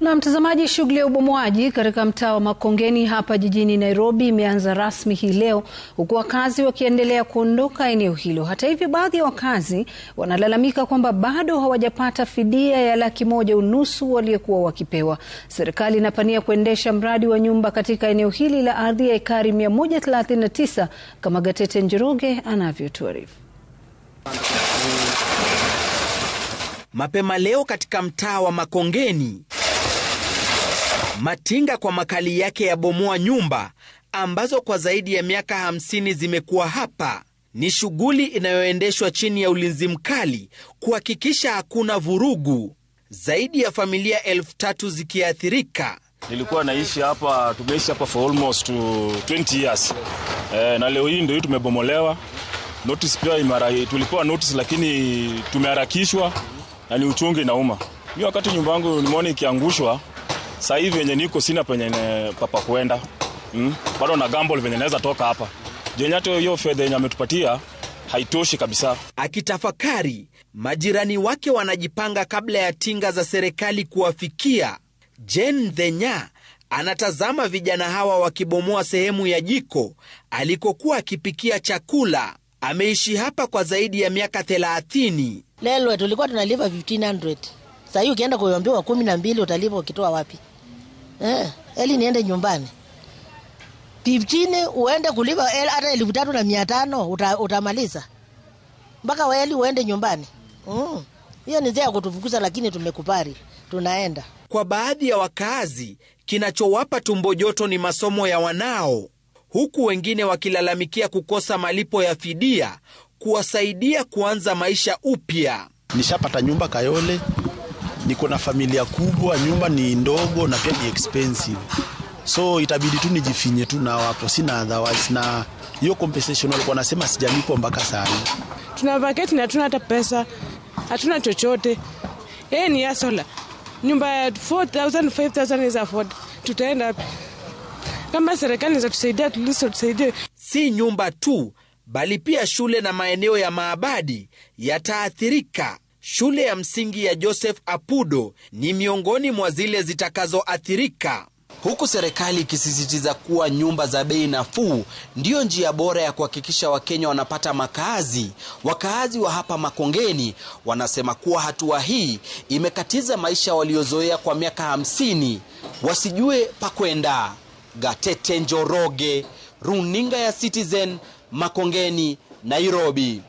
Na mtazamaji, shughuli ya ubomoaji katika mtaa wa Makongeni hapa jijini Nairobi imeanza rasmi hii leo huku wakazi wakiendelea kuondoka eneo hilo. Hata hivyo, baadhi ya wakazi wanalalamika kwamba bado hawajapata fidia ya laki moja unusu waliokuwa wakipewa. Serikali inapania kuendesha mradi wa nyumba katika eneo hili la ardhi ya ekari 139 kama Gatete Njoroge anavyotuarifu. Mapema leo katika mtaa wa Makongeni Matinga kwa makali yake ya bomoa nyumba ambazo kwa zaidi ya miaka 50 zimekuwa hapa. Ni shughuli inayoendeshwa chini ya ulinzi mkali kuhakikisha hakuna vurugu. Zaidi ya familia elfu tatu zikiathirika. Nilikuwa naishi hapa, tumeishi hapa for almost 20 uh, years e, na leo hii ndio hii tumebomolewa. Notice pia imara, tulipewa notice lakini tumeharakishwa na ni uchungu inauma. Mi wakati nyumba yangu nimeona ikiangushwa sasa hivi wenye niko sina penye papa kuenda mm? bado na gamble venye naweza toka hapa jenye hata hiyo fedha yenye ametupatia haitoshi kabisa. Akitafakari, majirani wake wanajipanga kabla ya tinga za serikali kuwafikia. jen Dhenya anatazama vijana hawa wakibomoa sehemu ya jiko alikokuwa akipikia chakula. Ameishi hapa kwa zaidi ya miaka 30. Lelwe tulikuwa tunalipa 1500. Sasa hivi ukienda kuambiwa 12 utalipa ukitoa wapi? eh, eli niende nyumbani pipchini uende kulipa hata elfu tatu na mia tano uta, utamaliza mpaka waeli uende nyumbani mm. Hiyo ni njia kutufukuza, lakini tumekubali, tunaenda. Kwa baadhi ya wakazi, kinachowapa tumbo joto ni masomo ya wanao, huku wengine wakilalamikia kukosa malipo ya fidia kuwasaidia kuanza maisha upya. Nishapata nyumba Kayole, niko na familia kubwa, nyumba ni ndogo na pia ni expensive, so itabidi tu nijifinye tu na hapo, sina otherwise. Na hiyo compensation walikuwa nasema sijalipo mpaka saa hii. Tuna na hatuna hata pesa, hatuna chochote. Yeye ni ya nyumba ya 4000 5000 is afford, tutaenda wapi? Kama serikali za tusaidia, tusaidie. Si nyumba tu, bali pia shule na maeneo ya maabadi yataathirika. Shule ya msingi ya Joseph Apudo ni miongoni mwa zile zitakazoathirika huku serikali ikisisitiza kuwa nyumba za bei nafuu ndiyo njia bora ya kuhakikisha Wakenya wanapata makaazi. Wakaazi wa hapa Makongeni wanasema kuwa hatua hii imekatiza maisha waliozoea kwa miaka hamsini, wasijue pa kwenda. Gatete Njoroge, runinga ya Citizen, Makongeni, Nairobi.